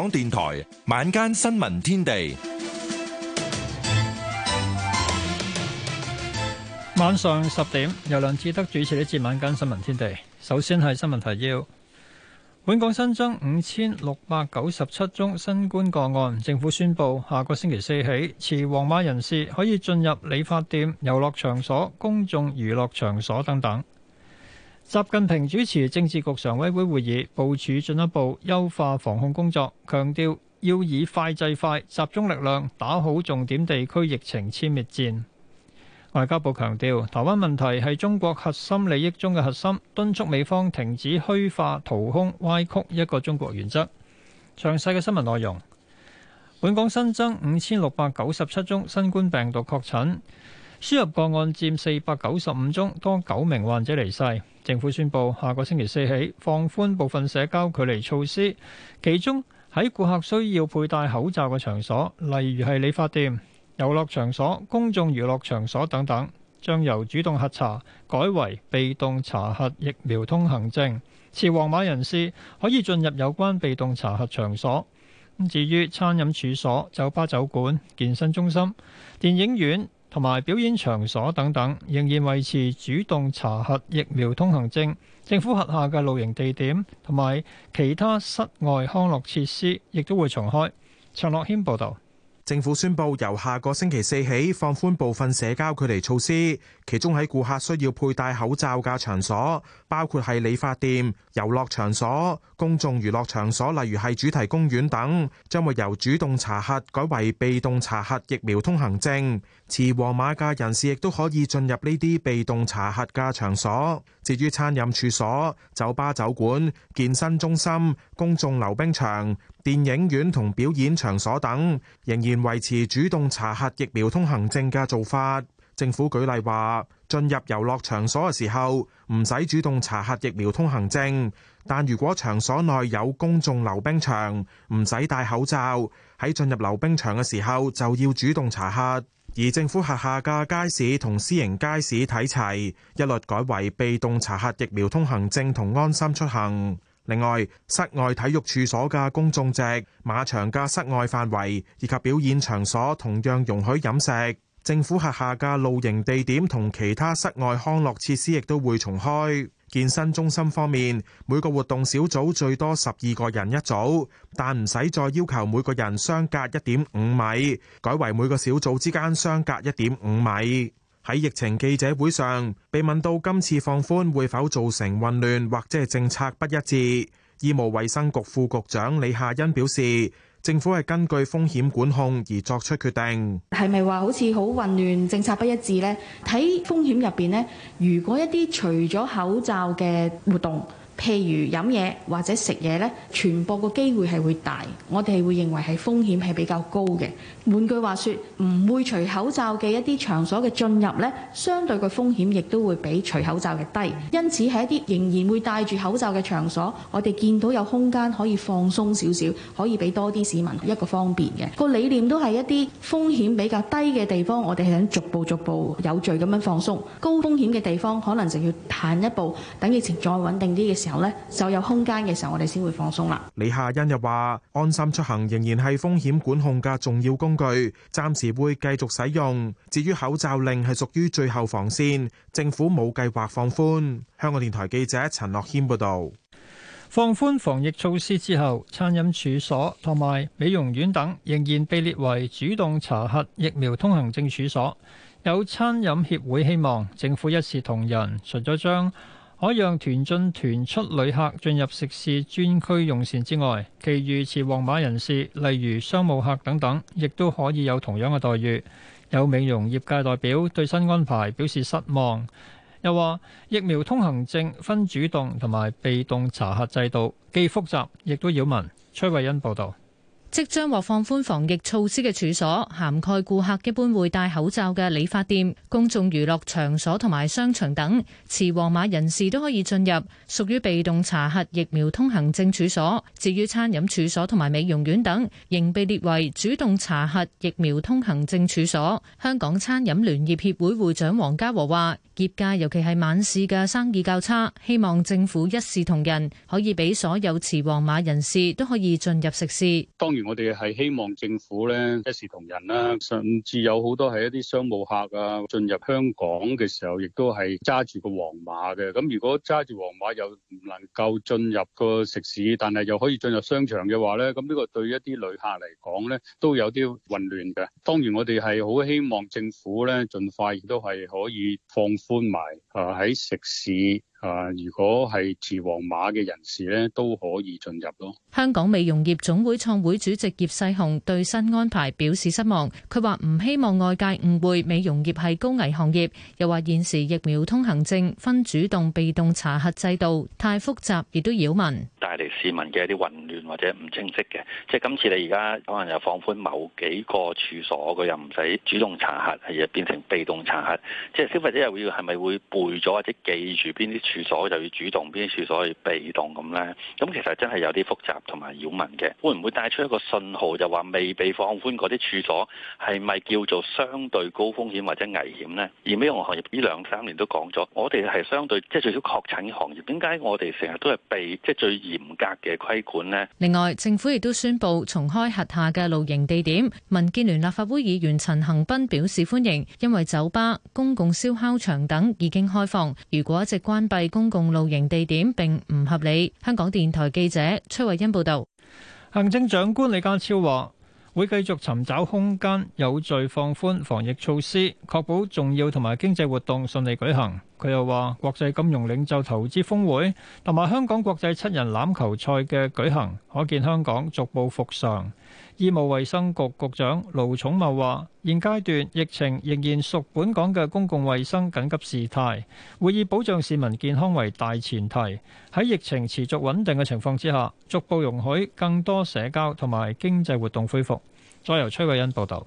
港電台晚間新聞天地，晚上十點由梁志德主持呢節晚間新聞天地。首先係新聞提要：本港新增五千六百九十七宗新冠個案，政府宣布下個星期四起，持黃碼人士可以進入理髮店、遊樂場所、公眾娛樂場所等等。習近平主持政治局常委會會議，部署進一步優化防控工作，強調要以快制快，集中力量打好重點地區疫情殲滅戰。外交部強調，台灣問題係中國核心利益中嘅核心，敦促美方停止虛化、掏空、歪曲一個中國原則。詳細嘅新聞內容，本港新增五千六百九十七宗新冠病毒確診。輸入個案佔四百九十五宗，多九名患者離世。政府宣布下個星期四起放寬部分社交距離措施，其中喺顧客需要佩戴口罩嘅場所，例如係理髮店、遊樂場所、公眾娛樂場所等等，將由主動核查改為被動查核疫苗通行證。持黃碼人士可以進入有關被動查核場所。至於餐飲處所、酒吧酒館、健身中心、電影院，同埋表演場所等等，仍然維持主動查核疫苗通行證，政府轄下嘅露營地點同埋其他室外康樂設施，亦都會重開。陳樂謙報道。政府宣布由下個星期四起放寬部分社交距離措施。其中喺顧客需要佩戴口罩嘅場所，包括係理髮店、遊樂場所、公眾娛樂場所，例如係主題公園等，將會由主動查核改為被動查核疫苗通行證，持黃碼嘅人士亦都可以進入呢啲被動查核嘅場所。至於餐飲處所、酒吧酒館、健身中心、公眾溜冰場、電影院同表演場所等，仍然維持主動查核疫苗通行證嘅做法。政府舉例話，進入遊樂場所嘅時候唔使主動查核疫苗通行證，但如果場所內有公眾溜冰場，唔使戴口罩。喺進入溜冰場嘅時候就要主動查核。而政府轄下嘅街市同私營街市睇齊，一律改為被動查核疫苗通行證同安心出行。另外，室外體育處所嘅公眾席、馬場嘅室外範圍以及表演場所同樣容許飲食。政府轄下嘅露營地點同其他室外康樂設施亦都會重開。健身中心方面，每個活動小組最多十二個人一組，但唔使再要求每個人相隔一點五米，改為每個小組之間相隔一點五米。喺疫情記者會上，被問到今次放寬會否造成混亂或者係政策不一致，醫務衛生局副局長李夏欣表示。政府係根據風險管控而作出決定，係咪話好似好混亂、政策不一致呢？睇風險入邊呢，如果一啲除咗口罩嘅活動。譬如飲嘢或者食嘢呢，傳播個機會係會大，我哋會認為係風險係比較高嘅。換句話說，唔會除口罩嘅一啲場所嘅進入呢，相對嘅風險亦都會比除口罩嘅低。因此喺一啲仍然會戴住口罩嘅場所，我哋見到有空間可以放鬆少少，可以俾多啲市民一個方便嘅。個理念都係一啲風險比較低嘅地方，我哋係想逐步逐步有序咁樣放鬆。高風險嘅地方，可能就要慢一步，等疫情再穩定啲嘅時候。有咧就有空間嘅時候，我哋先會放鬆啦。李夏欣又話：安心出行仍然係風險管控嘅重要工具，暫時會繼續使用。至於口罩令係屬於最後防線，政府冇計劃放寬。香港電台記者陳樂軒報導。放寬防疫措施之後，餐飲處所同埋美容院等仍然被列為主動查核疫苗通行證處所。有餐飲協會希望政府一視同仁，除咗將可讓團進團出旅客進入食肆專區用膳之外，其餘持黃碼人士，例如商務客等等，亦都可以有同樣嘅待遇。有美容業界代表對新安排表示失望，又話疫苗通行證分主動同埋被動查核制度，既複雜亦都擾民。崔惠恩報導。即將獲放寬防疫措施嘅處所，涵蓋顧客一般會戴口罩嘅理髮店、公眾娛樂場所同埋商場等，持黃碼人士都可以進入。屬於被動查核疫苗通行證處所，至於餐飲處所同埋美容院等，仍被列為主動查核疫苗通行證處所。香港餐飲聯業協會會,會長黃家和話：業界尤其係晚市嘅生意較差，希望政府一視同仁，可以俾所有持黃碼人士都可以進入食肆。當然。我哋係希望政府咧一視同仁啦，甚至有好多係一啲商務客啊進入香港嘅時候，亦都係揸住個黃碼嘅。咁如果揸住黃碼又唔能夠進入個食肆，但係又可以進入商場嘅話咧，咁呢個對一啲旅客嚟講咧都有啲混亂嘅。當然我哋係好希望政府咧盡快亦都係可以放寬埋啊喺食肆。啊！如果係持黃碼嘅人士咧，都可以進入咯。香港美容業總會創會主席葉世雄對新安排表示失望。佢話唔希望外界誤會美容業係高危行業，又話現時疫苗通行證分主動、被動查核制度太複雜，亦都擾民，帶嚟市民嘅一啲混亂或者唔清晰嘅。即係今次你而家可能又放寬某幾個處所，佢又唔使主動查核，係又變成被動查核。即係消費者又會係咪會背咗或者記住邊啲？處所就要主動，邊啲處所要被動咁呢，咁其實真係有啲複雜同埋擾民嘅，會唔會帶出一個信號，就話未被放寬嗰啲處所係咪叫做相對高風險或者危險呢？而美容行業呢兩三年都講咗，我哋係相對即係最少確診行業，點解我哋成日都係被即係最嚴格嘅規管呢？另外，政府亦都宣布重開轄下嘅露營地點。民建聯立法會議員陳恒鑌表示歡迎，因為酒吧、公共燒烤場等已經開放。如果一直關閉，喺公共露營地點並唔合理。香港電台記者崔慧欣報道，行政長官李家超話會繼續尋找空間，有序放寬防疫措施，確保重要同埋經濟活動順利舉行。佢又話：國際金融領袖投資峰會同埋香港國際七人欖球賽嘅舉行，可見香港逐步復常。醫務衛生局局長盧寵茂話：現階段疫情仍然屬本港嘅公共衛生緊急事態，會以保障市民健康為大前提。喺疫情持續穩定嘅情況之下，逐步容許更多社交同埋經濟活動恢復。再由崔慧欣報導。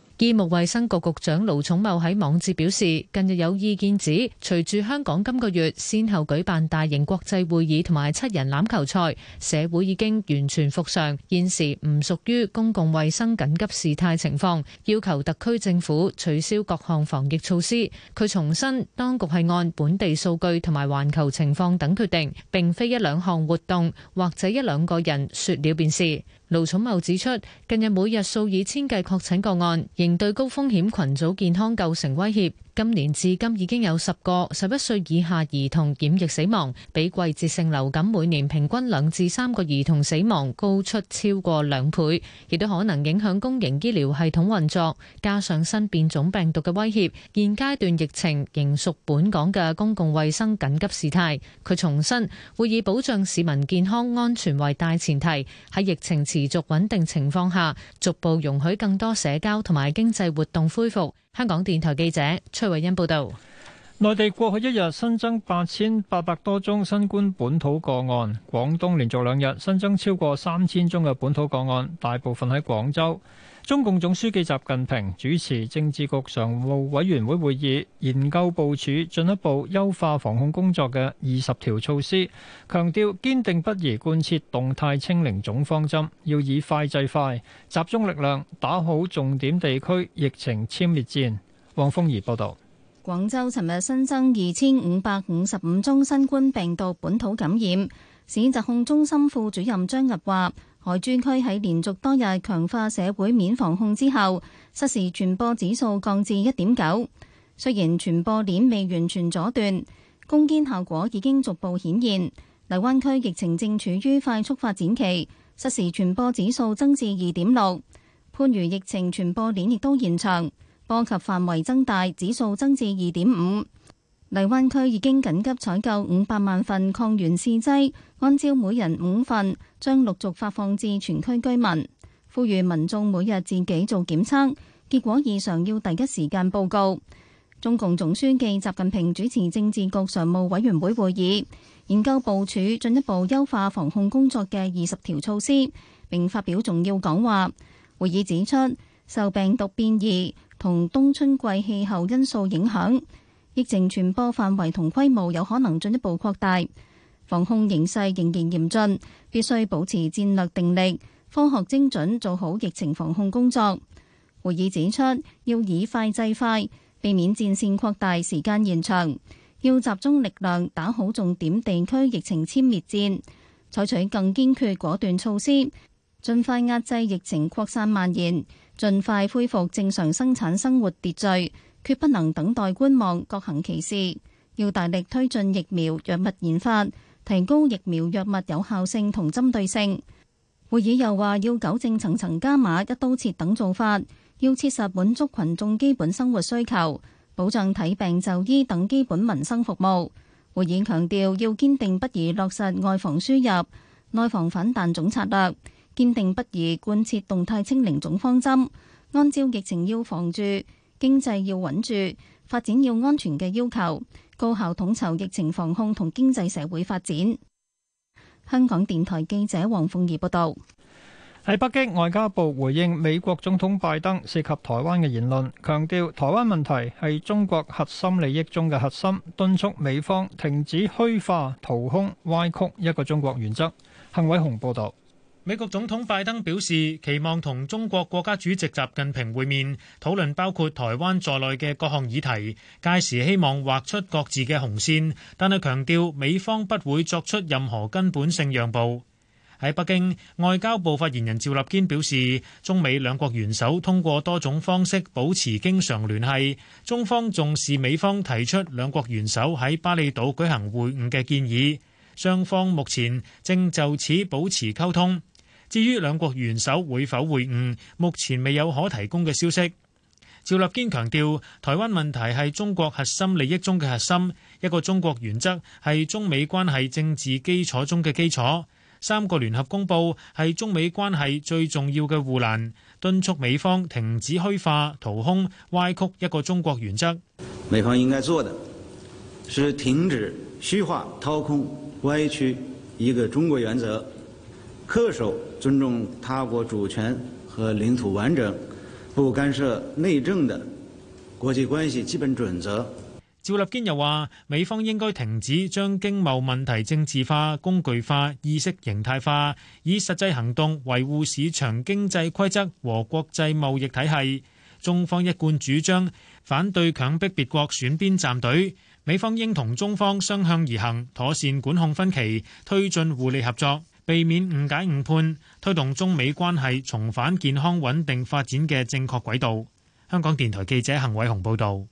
醫務衛生局局長盧寵茂喺網誌表示，近日有意見指，隨住香港今個月先後舉辦大型國際會議同埋七人欖球賽，社會已經完全復常，現時唔屬於公共衛生緊急事態情況，要求特區政府取消各項防疫措施。佢重申，當局係按本地數據同埋環球情況等決定，並非一兩項活動或者一兩個人說了便是。盧寵茂指出，近日每日數以千計確診個案，仍對高風險群組健康構成威脅。今年至今已經有十個十一歲以下兒童染疫死亡，比季節性流感每年平均兩至三個兒童死亡高出超過兩倍，亦都可能影響公營醫療系統運作。加上新變種病毒嘅威脅，現階段疫情仍屬本港嘅公共衛生緊急事態。佢重申會以保障市民健康安全為大前提，喺疫情持續穩定情況下，逐步容許更多社交同埋經濟活動恢復。香港電台記者崔慧欣報道：內地過去一日新增八千八百多宗新冠本土個案，廣東連續兩日新增超過三千宗嘅本土個案，大部分喺廣州。中共總書記習近平主持政治局常務委員會會議，研究部署進一步優化防控工作嘅二十條措施，強調堅定不移貫徹動態清零總方針，要以快制快，集中力量打好重點地區疫情殲滅戰。黃鳳儀報導。廣州尋日新增二千五百五十五宗新冠病毒本土感染，市疾控中心副主任張日話。海珠區喺連續多日強化社會面防控之後，實時傳播指數降至一點九，雖然傳播鏈未完全阻斷，攻堅效果已經逐步顯現。荔灣區疫情正處於快速發展期，實時傳播指數增至二點六。番禺疫情傳播鏈亦都延長，波及範圍增大，指數增至二點五。荔灣區已經緊急採購五百萬份抗原試劑，按照每人五份，將陸續發放至全區居民。呼籲民眾每日自己做檢測，結果異常要第一時間報告。中共總書記習近平主持政治局常務委員會會議，研究部署進一步優化防控工作嘅二十條措施，並發表重要講話。會議指出，受病毒變異同冬春季氣候因素影響。疫情傳播範圍同規模有可能進一步擴大，防控形勢仍然嚴峻，必須保持戰略定力、科學精準做好疫情防控工作。會議指出，要以快制快，避免戰線擴大、時間延長；要集中力量打好重點地區疫情殲滅戰，採取更堅決果斷措施，盡快壓制疫情擴散蔓延，盡快恢復正常生產生活秩序。決不能等待觀望，各行其事。要大力推進疫苗藥物研發，提高疫苗藥物有效性同針對性。會議又話要糾正層層加碼一刀切等做法，要切實滿足群眾基本生活需求，保障睇病就醫等基本民生服務。會議強調要堅定不移落實外防輸入、內防反彈總策略，堅定不移貫徹動態清零總方針，按照疫情要防住，經濟要穩住，發展要安全嘅要求，高效統籌疫情防控同經濟社會發展。香港電台記者黃鳳儀報道。喺北京，外交部回應美國總統拜登涉及台灣嘅言論，強調台灣問題係中國核心利益中嘅核心，敦促美方停止虛化、掏空、歪曲一個中國原則。幸偉雄報道。美國總統拜登表示，期望同中國國家主席習近平會面，討論包括台灣在內嘅各項議題。屆時希望劃出各自嘅紅線，但係強調美方不會作出任何根本性讓步。喺北京，外交部發言人趙立堅表示，中美兩國元首通過多種方式保持經常聯繫，中方重視美方提出兩國元首喺巴厘島舉行會晤嘅建議，雙方目前正就此保持溝通。至於兩國元首會否會晤，目前未有可提供嘅消息。趙立堅強調，台灣問題係中國核心利益中嘅核心，一個中國原則係中美關係政治基礎中嘅基礎，三個聯合公報係中美關係最重要嘅護欄，敦促美方停止虛化、掏空、歪曲一個中國原則。美方應該做嘅，是停止虛化、掏空、歪曲一個中國原則，恪守。尊重他國主權和領土完整，不干涉內政的國際關係基本準則。趙立堅又話：美方應該停止將經貿問題政治化、工具化、意識形態化，以實際行動維護市場經濟規則和國際貿易體系。中方一貫主張，反對強迫別國選邊站隊，美方應同中方相向而行，妥善管控分歧，推進互利合作。避免誤解誤判，推動中美關係重返健康穩定發展嘅正確軌道。香港電台記者幸偉雄報導。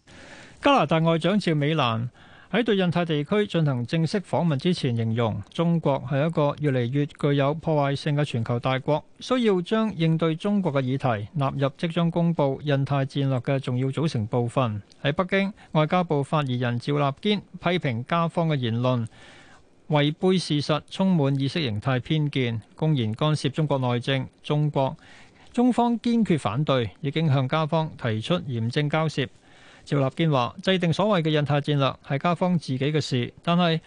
加拿大外長趙美蘭喺對印太地區進行正式訪問之前，形容中國係一個越嚟越具有破壞性嘅全球大國，需要將應對中國嘅議題納入即將公佈印太戰略嘅重要組成部分。喺北京，外交部發言人趙立堅批評加方嘅言論。違背事實，充滿意識形態偏見，公然干涉中國內政。中國中方堅決反對，已經向加方提出嚴正交涉。趙立堅話，制定所謂嘅印太戰略係加方自己嘅事，但係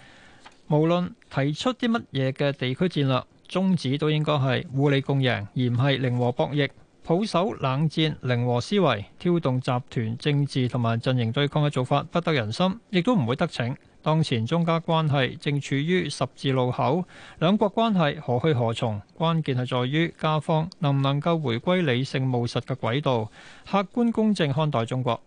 無論提出啲乜嘢嘅地區戰略，宗旨都應該係互利共贏，而唔係零和博弈、抱守冷戰、零和思維、挑動集團政治同埋陣營對抗嘅做法，不得人心，亦都唔會得逞。當前中加關係正處於十字路口，兩國關係何去何從？關鍵係在於加方能唔能夠回歸理性務實嘅軌道，客觀公正看待中國。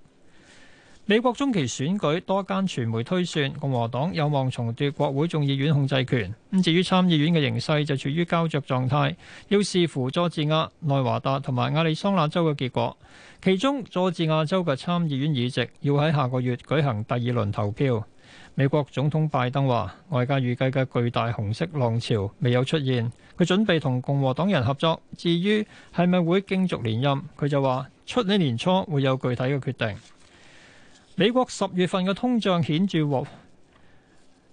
美國中期選舉多間傳媒推算共和黨有望重奪國會眾議院控制權，咁至於參議院嘅形勢就處於膠着狀態，要視乎佐治亞、內華達同埋亞利桑那州嘅結果。其中佐治亞州嘅參議院議席要喺下個月舉行第二輪投票。美國總統拜登話：外界預計嘅巨大紅色浪潮未有出現，佢準備同共和黨人合作。至於係咪會競逐連任，佢就話出年年初會有具體嘅決定。美國十月份嘅通脹顯著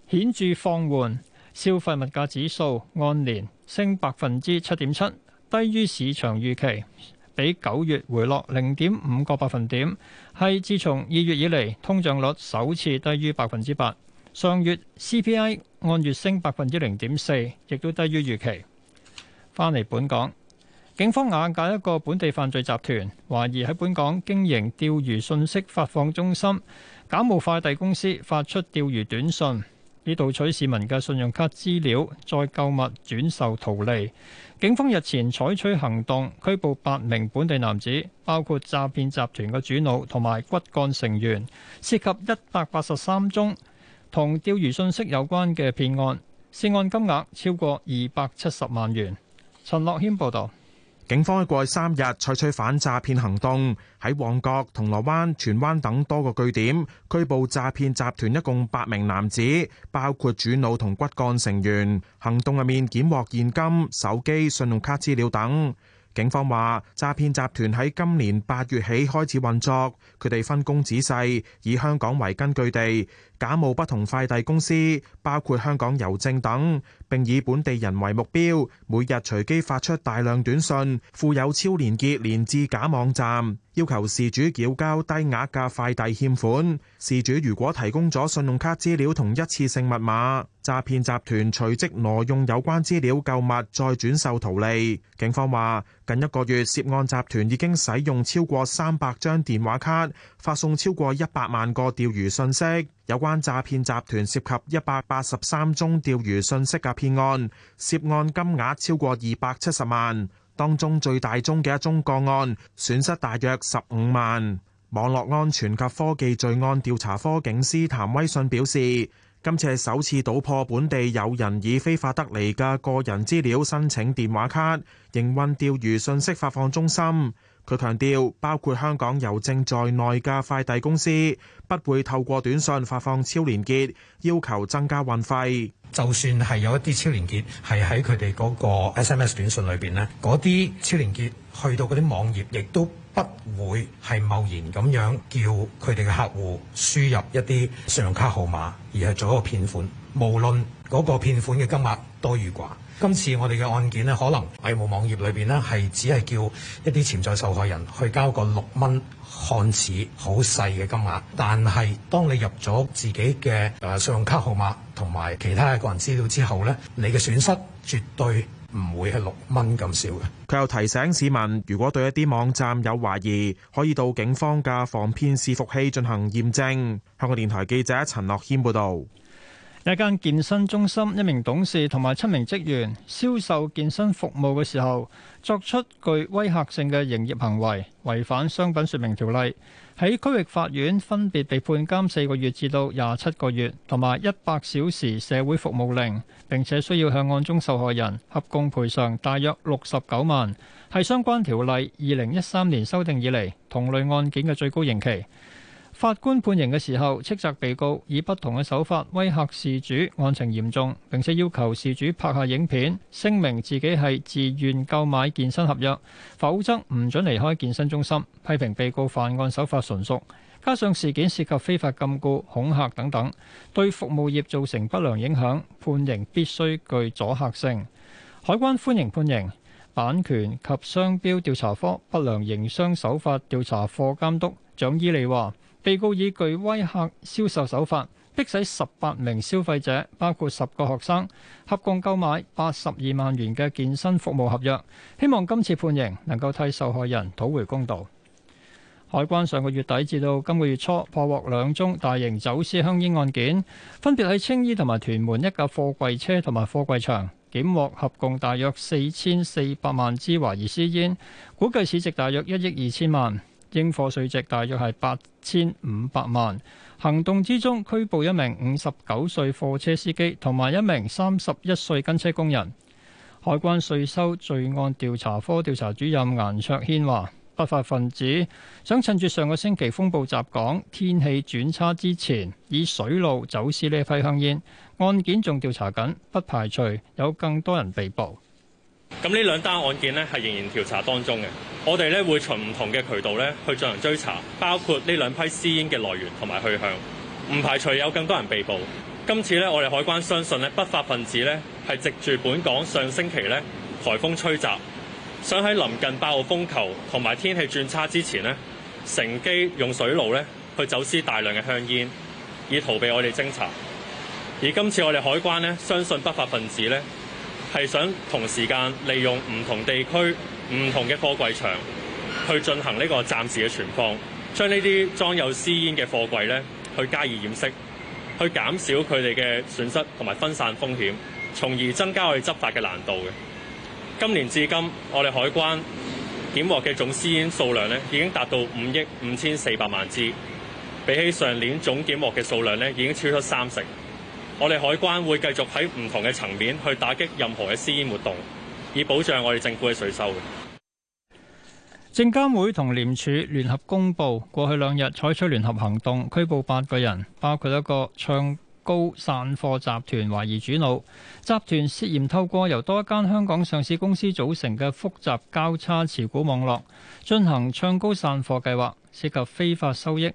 顯著放緩，消費物價指數按年升百分之七點七，低於市場預期。比九月回落零點五個百分點，係自從二月以嚟，通脹率首次低於百分之八。上月 CPI 按月升百分之零點四，亦都低於預期。返嚟本港，警方瓦解一個本地犯罪集團，懷疑喺本港經營釣魚信息發放中心、假冒快遞公司發出釣魚短信。以盜取市民嘅信用卡資料，再購物轉售圖利。警方日前採取行動，拘捕八名本地男子，包括詐騙集團嘅主腦同埋骨幹成員，涉及一百八十三宗同釣魚信息有關嘅騙案，涉案金額超過二百七十萬元。陳樂謙報道。警方喺過去三日採取反詐騙行動，喺旺角、銅鑼灣、荃灣等多個據點拘捕詐騙集團一共八名男子，包括主腦同骨幹成員。行動入面檢獲現金、手機、信用卡資料等。警方話，詐騙集團喺今年八月起開始運作，佢哋分工仔細，以香港為根據地。假冒不同快遞公司，包括香港郵政等，並以本地人為目標，每日隨機發出大量短信，附有超連結連至假網站，要求事主繳交低額嘅快遞欠款。事主如果提供咗信用卡資料同一次性密碼，詐騙集團隨即挪用有關資料購物，再轉售逃利。警方話，近一個月涉案集團已經使用超過三百張電話卡，發送超過一百萬個釣魚信息。有關詐騙集團涉及一百八十三宗釣魚信息嘅騙案，涉案金額超過二百七十萬，當中最大宗嘅一宗個案損失大約十五萬。網絡安全及科技罪案調查科警司譚威信表示，今次係首次搗破本地有人以非法得嚟嘅個人資料申請電話卡，營運釣魚信息發放中心。佢強調包括香港郵政在內嘅快遞公司，不會透過短信發放超連結，要求增加運費，就算係有一啲超連結係喺佢哋嗰個 SMS 短信裏邊咧，嗰啲超連結去到嗰啲網頁亦都不會係貿然咁樣叫佢哋嘅客戶輸入一啲信用卡號碼，而係做一個騙款。無論嗰個騙款嘅金額多與寡。今次我哋嘅案件呢，可能詐騙網頁裏邊呢，係只係叫一啲潛在受害人去交個六蚊，看似好細嘅金額。但係當你入咗自己嘅誒信用卡號碼同埋其他嘅個人資料之後呢，你嘅損失絕對唔會係六蚊咁少嘅。佢又提醒市民，如果對一啲網站有懷疑，可以到警方嘅防騙伺服器進行驗證。香港電台記者陳樂謙報道。一間健身中心一名董事同埋七名職員銷售健身服務嘅時候，作出具威嚇性嘅營業行為，違反商品説明條例，喺區域法院分別被判監四個月至到廿七個月，同埋一百小時社會服務令，並且需要向案中受害人合共賠償大約六十九萬，係相關條例二零一三年修訂以嚟同類案件嘅最高刑期。法官判刑嘅時候，斥責被告以不同嘅手法威嚇事主，案情嚴重，並且要求事主拍下影片，聲明自己係自願購買健身合約，否則唔准離開健身中心。批評被告犯案手法純熟，加上事件涉及非法禁錮恐嚇等等，對服務業造成不良影響，判刑必須具阻嚇性。海關歡迎判刑，版權及商標調查科不良營商手法調查課監督蔣伊利話。被告以具威嚇銷售手法，逼使十八名消費者，包括十個學生，合共購買八十二萬元嘅健身服務合約。希望今次判刑能夠替受害人討回公道。海關上個月底至到今個月初破獲兩宗大型走私香煙案件，分別喺青衣同埋屯門一架貨櫃車同埋貨櫃場，檢獲合共大約四千四百萬支懷疑私煙，估計市值大約一億二千萬。應貨稅值大約係八千五百萬。行動之中，拘捕一名五十九歲貨車司機同埋一名三十一歲跟車工人。海關稅收罪案調查科調查主任顏卓軒話：不法分子想趁住上個星期風暴襲港、天氣轉差之前，以水路走私呢批香煙。案件仲調查緊，不排除有更多人被捕。咁呢兩單案件呢，係仍然調查當中嘅，我哋咧會循唔同嘅渠道咧去進行追查，包括呢兩批私煙嘅來源同埋去向，唔排除有更多人被捕。今次咧，我哋海關相信咧不法分子咧係藉住本港上星期咧颱風吹襲，想喺臨近八號風球同埋天氣轉差之前呢，乘機用水路咧去走私大量嘅香煙，以逃避我哋偵查。而今次我哋海關呢，相信不法分子咧，係想同時間利用唔同地區、唔同嘅貨櫃場去進行呢個暫時嘅存放，將呢啲裝有私煙嘅貨櫃呢去加以掩飾，去減少佢哋嘅損失同埋分散風險，從而增加我哋執法嘅難度嘅。今年至今，我哋海關檢獲嘅總私煙數量呢，已經達到五億五千四百萬支，比起上年總檢獲嘅數量呢，已經超出三成。我哋海關會繼續喺唔同嘅層面去打擊任何嘅私煙活動，以保障我哋政府嘅稅收。證監會同廉署聯合公佈，過去兩日採取聯合行動，拘捕八個人，包括一個唱高散貨集團，懷疑主腦。集團涉嫌透過由多間香港上市公司組成嘅複雜交叉持股網絡進行唱高散貨計劃，涉及非法收益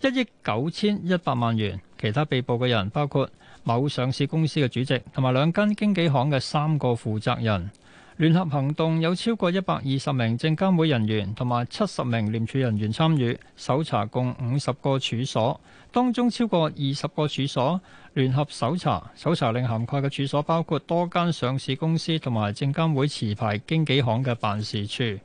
一億九千一百萬元。其他被捕嘅人包括，某上市公司嘅主席，同埋兩間經紀行嘅三個負責人。聯合行動有超過一百二十名證監會人員同埋七十名廉署人員參與搜查，共五十個處所，當中超過二十個處所聯合搜查。搜查令涵蓋嘅處所包括多間上市公司同埋證監會持牌經紀行嘅辦事處。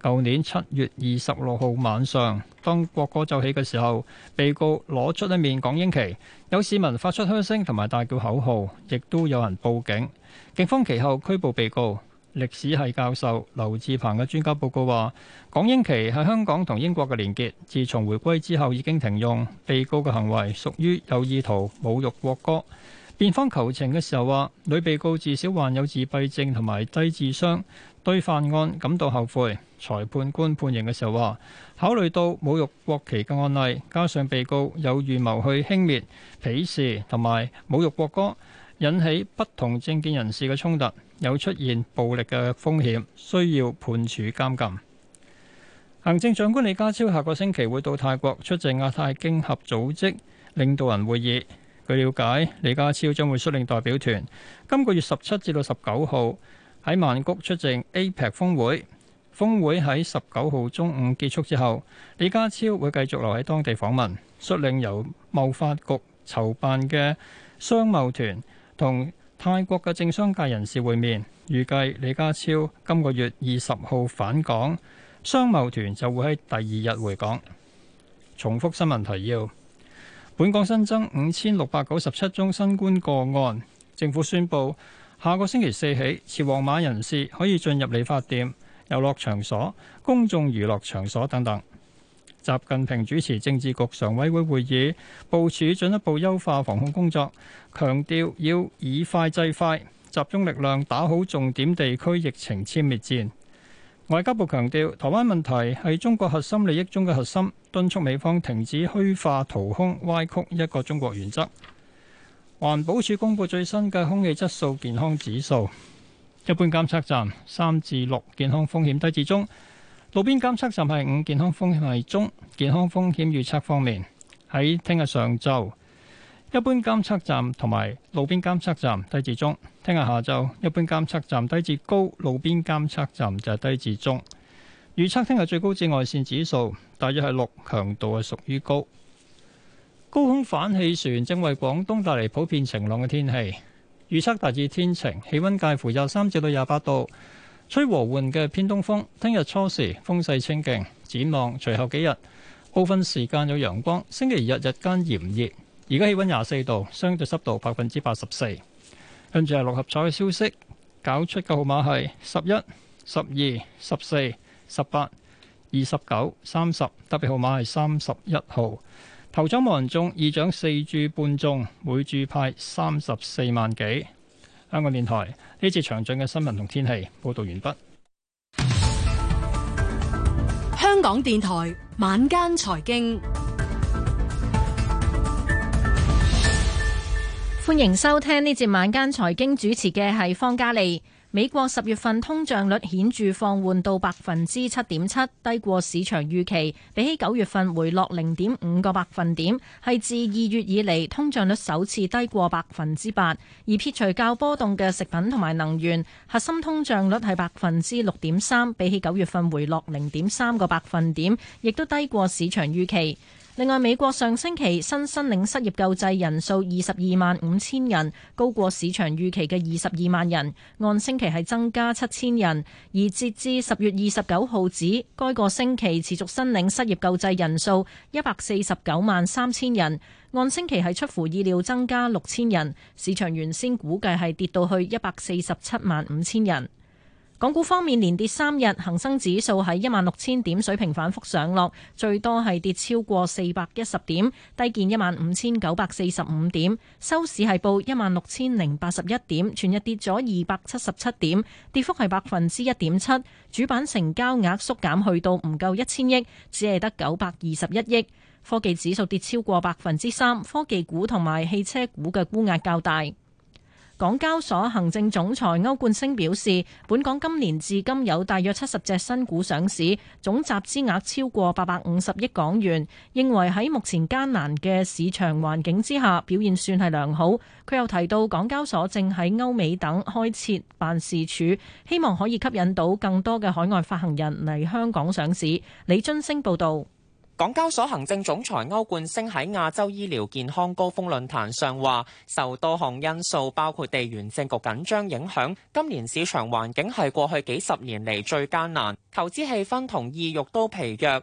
舊年七月二十六號晚上，當國歌奏起嘅時候，被告攞出一面港英旗，有市民發出噓聲同埋大叫口號，亦都有人報警。警方其後拘捕被告。歷史系教授劉志鵬嘅專家報告話，港英旗係香港同英國嘅連結，自從回歸之後已經停用。被告嘅行為屬於有意圖侮辱國歌。辯方求情嘅時候話，女被告至少患有自閉症同埋低智商。對犯案感到後悔。裁判官判刑嘅時候話，考慮到侮辱國旗嘅案例，加上被告有預謀去輕蔑、鄙視同埋侮辱國歌，引起不同政見人士嘅衝突，有出現暴力嘅風險，需要判處監禁。行政長官李家超下個星期會到泰國出席亞太經合組織領導人會議。據了解，李家超將會率領代表團今個月十七至到十九號。喺曼谷出席 APEC 峰會，峰會喺十九號中午結束之後，李家超會繼續留喺當地訪問，率領由貿發局籌辦嘅商貿團同泰國嘅政商界人士會面。預計李家超今個月二十號返港，商貿團就會喺第二日回港。重複新聞提要：本港新增五千六百九十七宗新冠個案，政府宣布。下個星期四起，持黃碼人士可以進入理髮店、遊樂場所、公眾娛樂場所等等。習近平主持政治局常委會會議，部署進一步優化防控工作，強調要以快制快，集中力量打好重點地區疫情殲滅戰。外交部強調，台灣問題係中國核心利益中嘅核心，敦促美方停止虛化、掏空、歪曲一個中國原則。環保署公布最新嘅空氣質素健康指數，一般監測站三至六，健康風險低至中；路邊監測站係五，健康風險係中。健康風險預測方面，喺聽日上晝，一般監測站同埋路邊監測站低至中；聽日下晝，一般監測站低至高，路邊監測站就係低至中。預測聽日最高紫外線指數大約係六，強度係屬於高。高空反氣旋正為廣東帶嚟普遍晴朗嘅天氣，預測大致天晴，氣温介乎廿三至到廿八度，吹和緩嘅偏東風。聽日初時風勢清勁，展望隨後幾日部分時間有陽光。星期日日間炎熱，而家氣温廿四度，相對濕度百分之八十四。跟住係六合彩嘅消息，搞出嘅號碼係十一、十二、十四、十八、二十九、三十，特別號碼係三十一號。頭獎無人中，二獎四注半中，每注派三十四萬幾。香港電台呢節詳盡嘅新聞同天氣報道完畢。香港電台晚間財經，歡迎收聽呢節晚間財經，主持嘅係方嘉利。美國十月份通脹率顯著放緩到百分之七點七，低過市場預期，比起九月份回落零點五個百分點，係自二月以嚟通脹率首次低過百分之八。而撇除較波動嘅食品同埋能源，核心通脹率係百分之六點三，比起九月份回落零點三個百分點，亦都低過市場預期。另外，美國上星期新申領失業救濟人數二十二萬五千人，高過市場預期嘅二十二萬人，按星期係增加七千人。而截至十月二十九號止，該個星期持續申領失業救濟人數一百四十九萬三千人，按星期係出乎意料增加六千人。市場原先估計係跌到去一百四十七萬五千人。港股方面連跌三日，恒生指數喺一萬六千點水平反覆上落，最多係跌超過四百一十點，低見一萬五千九百四十五點，收市係報一萬六千零八十一點，全日跌咗二百七十七點，跌幅係百分之一點七。主板成交額縮減去到唔夠一千億，只係得九百二十一億。科技指數跌超過百分之三，科技股同埋汽車股嘅沽壓較大。港交所行政總裁歐冠升表示，本港今年至今有大約七十隻新股上市，總集資額超過八百五十億港元。認為喺目前艱難嘅市場環境之下，表現算係良好。佢又提到，港交所正喺歐美等開設辦事處，希望可以吸引到更多嘅海外發行人嚟香港上市。李津星報道。港交所行政總裁歐冠昇喺亞洲醫療健康高峰論壇上話，受多項因素，包括地緣政局緊張影響，今年市場環境係過去幾十年嚟最艱難，投資氣氛同意欲都疲弱。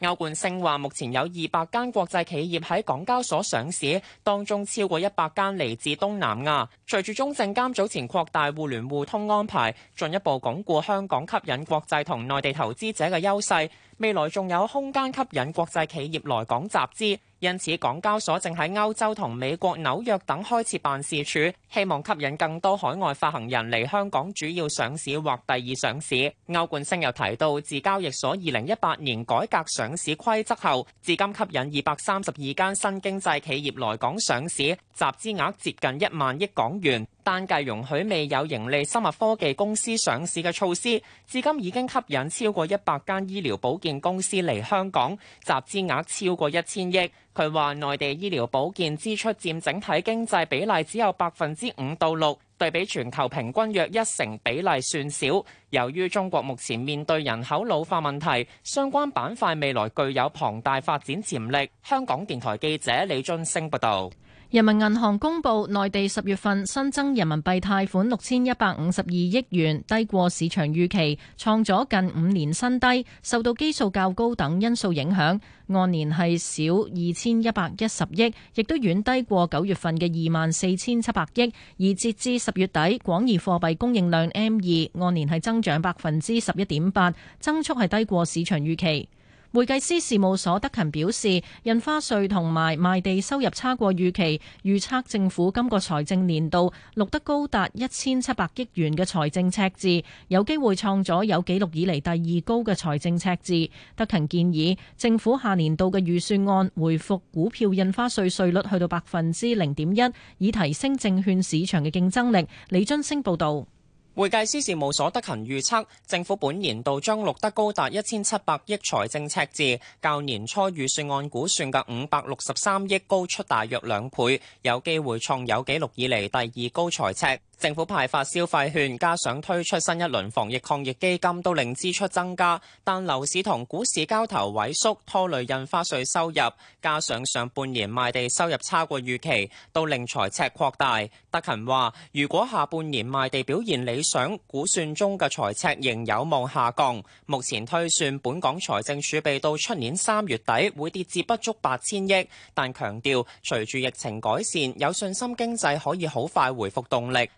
歐冠昇話：目前有二百間國際企業喺港交所上市，當中超過一百間嚟自東南亞。隨住中證監早前擴大互聯互通安排，進一步鞏固香港吸引國際同內地投資者嘅優勢，未來仲有空間吸引國際企業來港集資。因此，港交所正喺歐洲同美國紐約等開設辦事處，希望吸引更多海外發行人嚟香港主要上市或第二上市。歐冠星又提到，自交易所二零一八年改革上市規則後，至今吸引二百三十二間新經濟企業來港上市，集資額接近一萬億港元。單計容許未有盈利生物科技公司上市嘅措施，至今已經吸引超過一百間醫療保健公司嚟香港，集資額超過一千億。佢話：內地醫療保健支出佔整體經濟比例只有百分之五到六，對比全球平均約一成比例算少。由於中國目前面對人口老化問題，相關板塊未來具有龐大發展潛力。香港電台記者李津升報道。人民銀行公布內地十月份新增人民幣貸款六千一百五十二億元，低過市場預期，創咗近五年新低，受到基數較高等因素影響，按年係少二千一百一十億，亦都遠低過九月份嘅二萬四千七百億。而截至十月底，廣義貨幣供應量 M2 按年係增長百分之十一點八，增速係低過市場預期。會計師事務所德勤表示，印花稅同埋賣地收入差過預期，預測政府今個財政年度錄得高達一千七百億元嘅財政赤字，有機會創咗有記錄以嚟第二高嘅財政赤字。德勤建議政府下年度嘅預算案，回復股票印花稅稅率去到百分之零點一，以提升證券市場嘅競爭力。李津星報導。會計師事務所德勤預測，政府本年度將錄得高達一千七百億財政赤字，較年初預算案估算嘅五百六十三億高出大約兩倍，有機會創有紀錄以嚟第二高財赤。政府派發消費券，加上推出新一輪防疫抗疫基金，都令支出增加。但樓市同股市交投萎縮，拖累印花稅收入。加上上半年賣地收入差過預期，都令財赤擴大。德勤話：如果下半年賣地表現理想，估算中嘅財赤仍有望下降。目前推算本港財政儲備到出年三月底會跌至不足八千億，但強調隨住疫情改善，有信心經濟可以好快回復動力。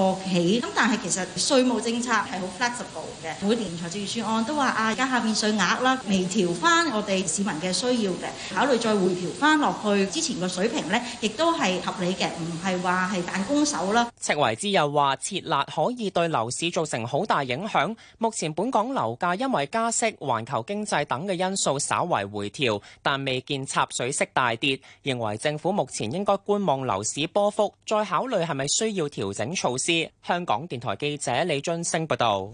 個起咁，但係其實稅務政策係好 flexible 嘅。每年財政預算案都話啊，家下邊稅額啦，微調翻我哋市民嘅需要嘅，考慮再回調翻落去之前個水平呢，亦都係合理嘅，唔係話係彈弓手啦。赤維之又話，撤辣可以對樓市造成好大影響。目前本港樓價因為加息、環球經濟等嘅因素稍為回調，但未見插水式大跌。認為政府目前應該觀望樓市波幅，再考慮係咪需要調整措施。香港電台記者李俊升報道，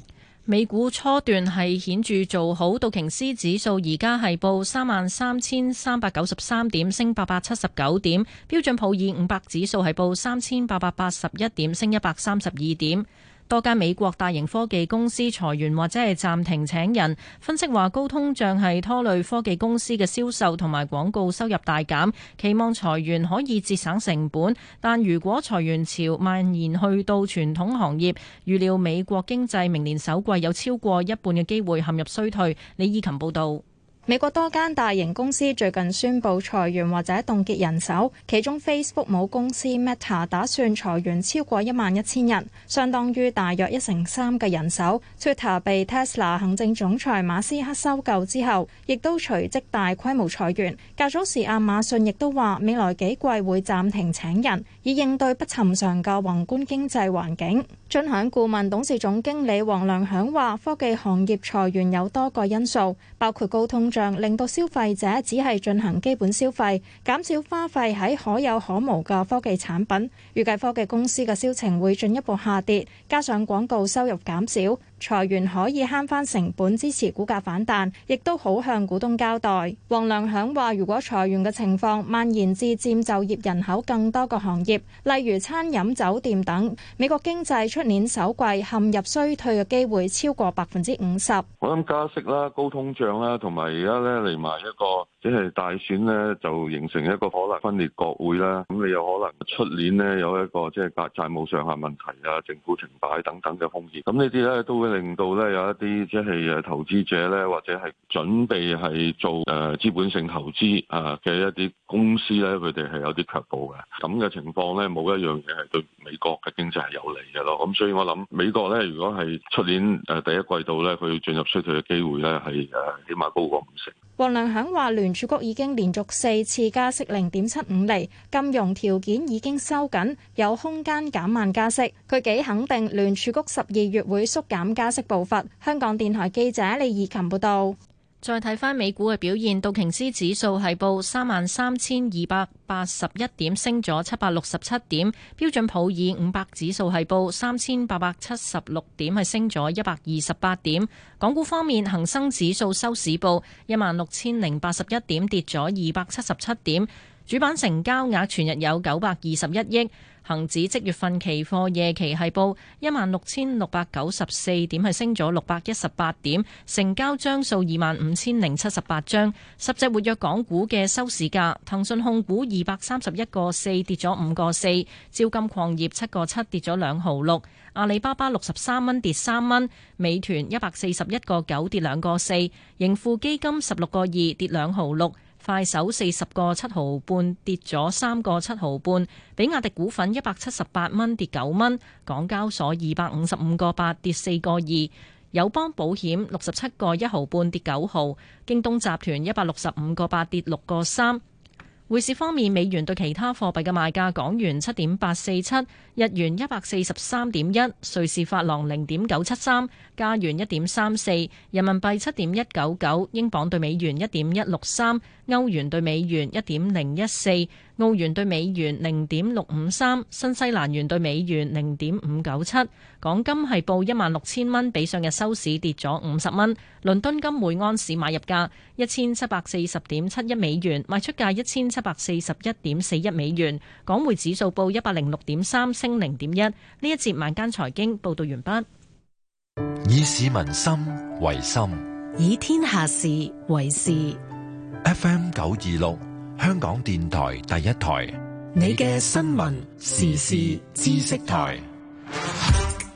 美股初段係顯著做好，道瓊斯指數而家係報三萬三千三百九十三點，升八百七十九點；標準普爾五百指數係報三千八百八十一點，升一百三十二點。多間美國大型科技公司裁員或者係暫停請人，分析話高通脹係拖累科技公司嘅銷售同埋廣告收入大減，期望裁員可以節省成本。但如果裁員潮蔓延去到傳統行業，預料美國經濟明年首季有超過一半嘅機會陷入衰退。李以琴報導。美國多間大型公司最近宣布裁員或者凍結人手，其中 Facebook 母公司 Meta 打算裁員超過一萬一千人，相當於大約一成三嘅人手。Twitter 被 Tesla 行政總裁馬斯克收購之後，亦都隨即大規模裁員。較早時，亞馬遜亦都話未來幾季會暫停請人，以應對不尋常嘅宏觀經濟環境。俊響顧問董事總經理黃亮響話：科技行業裁員有多個因素，包括高通令到消費者只係進行基本消費，減少花費喺可有可無嘅科技產品。預計科技公司嘅銷情會進一步下跌，加上廣告收入減少。裁員可以慳返成本，支持股價反彈，亦都好向股東交代。黃良響話：如果裁員嘅情況蔓延至佔就業人口更多嘅行業，例如餐飲、酒店等，美國經濟出年首季陷入衰退嘅機會超過百分之五十。我諗加息啦，高通脹啦，同埋而家呢嚟埋一個。即係大選咧，就形成一個可能分裂國會啦。咁你有可能出年呢，有一個即係債債務上限問題啊、政府停擺等等嘅風險。咁呢啲咧都會令到咧有一啲即係誒投資者咧，或者係準備係做誒資本性投資啊嘅一啲公司咧，佢哋係有啲卻步嘅。咁嘅情況咧，冇一樣嘢係對美國嘅經濟係有利嘅咯。咁所以我諗美國咧，如果係出年誒第一季度咧，佢進入衰退嘅機會咧係誒起碼高過五成。王良響話聯儲局已經連續四次加息零點七五厘，金融條件已經收緊，有空間減慢加息。佢幾肯定聯儲局十二月會縮減加息步伐。香港電台記者李怡琴報道。再睇翻美股嘅表現，道瓊斯指數係報三萬三千二百八十一點，升咗七百六十七點；標準普爾五百指數係報三千八百七十六點，係升咗一百二十八點。港股方面，恒生指數收市報一萬六千零八十一點，跌咗二百七十七點。主板成交額全日有九百二十一億。恒指即月份期貨夜期係報一萬六千六百九十四點，係升咗六百一十八點，成交張數二萬五千零七十八張。十隻活躍港股嘅收市價，騰訊控股二百三十一個四跌咗五個四，招金礦業七個七跌咗兩毫六，阿里巴巴六十三蚊跌三蚊，美團一百四十一個九跌兩個四，盈富基金十六個二跌兩毫六。快手四十個七毫半跌咗三個七毫半，比亞迪股份一百七十八蚊跌九蚊，港交所二百五十五個八跌四個二，友邦保險六十七個一毫半跌九毫，京東集團一百六十五個八跌六個三。匯市方面，美元對其他貨幣嘅賣價：港元七點八四七，日元一百四十三點一，瑞士法郎零點九七三，加元一點三四，人民幣七點一九九，英鎊對美元一點一六三，歐元對美元一點零一四，澳元對美元零點六五三，新西蘭元對美元零點五九七。港金係報一萬六千蚊，比上日收市跌咗五十蚊。倫敦金每安士買入價一千七百四十點七一美元，賣出價一千。七百四十一點四一美元，港匯指數報一百零六點三，升零點一。呢一節晚間財經報道完畢。以市民心為心，以天下事為事。FM 九二六，香港電台第一台，你嘅新聞時事知識台。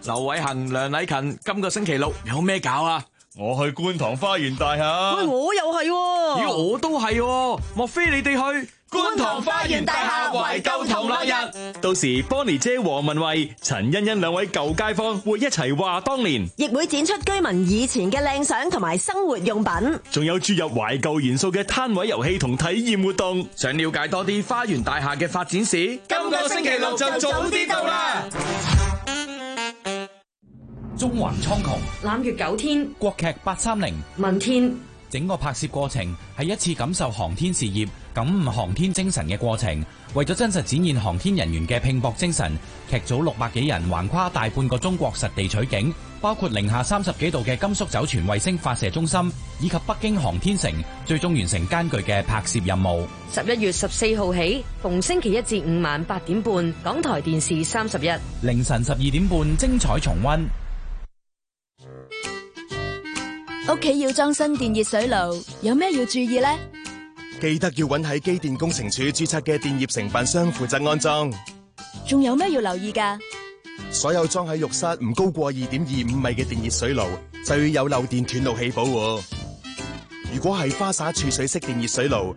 劉偉恒、梁禮勤，今個星期六有咩搞啊？我去觀塘花園大廈，喂我又係、啊，咦我都係、啊，莫非你哋去觀塘花園大廈懷舊頭啦？同同日到時 Bonnie 姐、黃文慧、陳欣欣兩位舊街坊會一齊話當年，亦會展出居民以前嘅靚相同埋生活用品，仲有注入懷舊元素嘅攤位遊戲同體驗活動。想了解多啲花園大廈嘅發展史，今個星期六就早啲到啦。中環蒼穹，攬月九天，國劇八三零問天。整個拍攝過程係一次感受航天事業、感悟航天精神嘅過程。為咗真實展現航天人員嘅拼搏精神，劇組六百幾人橫跨大半個中國實地取景，包括零下三十幾度嘅甘肅酒泉衛星發射中心以及北京航天城，最終完成艱巨嘅拍攝任務。十一月十四號起，逢星期一至五晚八點半，港台電視三十一凌晨十二點半，精彩重溫。屋企要裝新電熱水爐，有咩要注意呢？記得要搵喺機電工程署註冊嘅電業承辦商負責安裝。仲有咩要留意噶？所有裝喺浴室唔高過二點二五米嘅電熱水爐，就要有漏電斷路器保護。如果係花灑儲水式電熱水爐，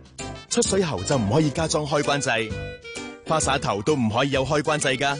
出水喉就唔可以加裝開關掣，花灑頭都唔可以有開關掣噶。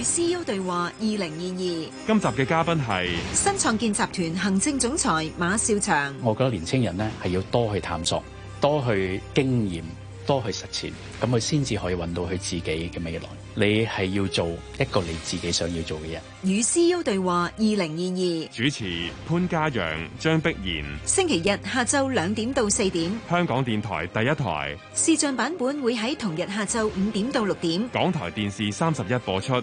與 CEO 對話二零二二，今集嘅嘉賓係新創建集團行政總裁馬紹祥。我覺得年輕人呢係要多去探索，多去經驗，多去實踐，咁佢先至可以搵到佢自己嘅未來。你係要做一個你自己想要做嘅人。與 CEO 對話二零二二，主持潘嘉陽、張璧賢。星期日下晝兩點到四點，香港電台第一台視像版本會喺同日下晝五點到六點，港台電視三十一播出。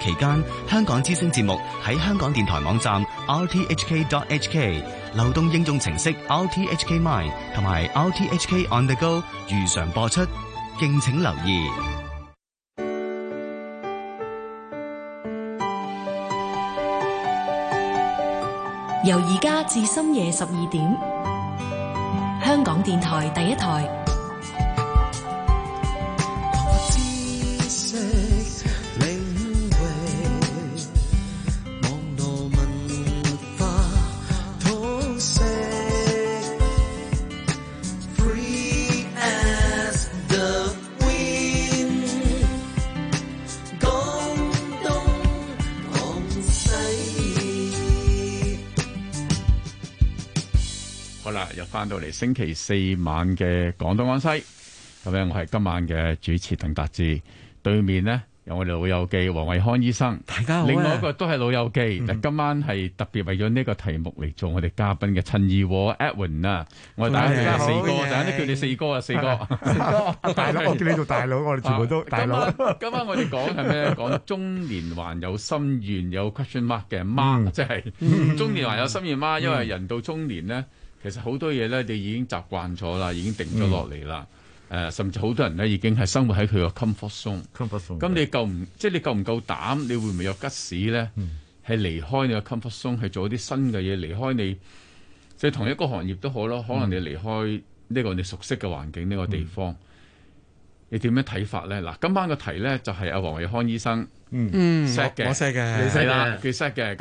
期間，香港之星節目喺香港電台網站 rthk.hk、流動應用程式 rthk mine 同埋 rthk on the go 如常播出，敬請留意。由而家至深夜十二點，香港電台第一台。又翻到嚟星期四晚嘅廣東安西，咁咧我係今晚嘅主持鄧達志，對面呢有我哋老友記黃偉康醫生，大家好，另外一個都係老友記，今晚係特別為咗呢個題目嚟做我哋嘉賓嘅陳儀。和 Edwin 啊，我哋大家係四哥，大家叫你四哥啊，四哥，四哥，大佬，我叫你做大佬，我哋全部都，大佬。今晚我哋講係咩？講中年還有心願有 question mark 嘅 mark，即係中年還有心願 mark，因為人到中年呢。其實好多嘢咧，你已經習慣咗啦，已經定咗落嚟啦。誒，甚至好多人咧已經係生活喺佢個 comfort zone。comfort zone。咁你夠唔即係你夠唔夠膽？你會唔會有吉士咧？係離開你個 comfort zone，係做一啲新嘅嘢，離開你即係同一個行業都好咯。可能你離開呢個你熟悉嘅環境，呢個地方，你點樣睇法咧？嗱，今晚嘅題咧就係阿黃維康醫生。嗯。嗯。set 嘅我 set 嘅啦，佢 set 嘅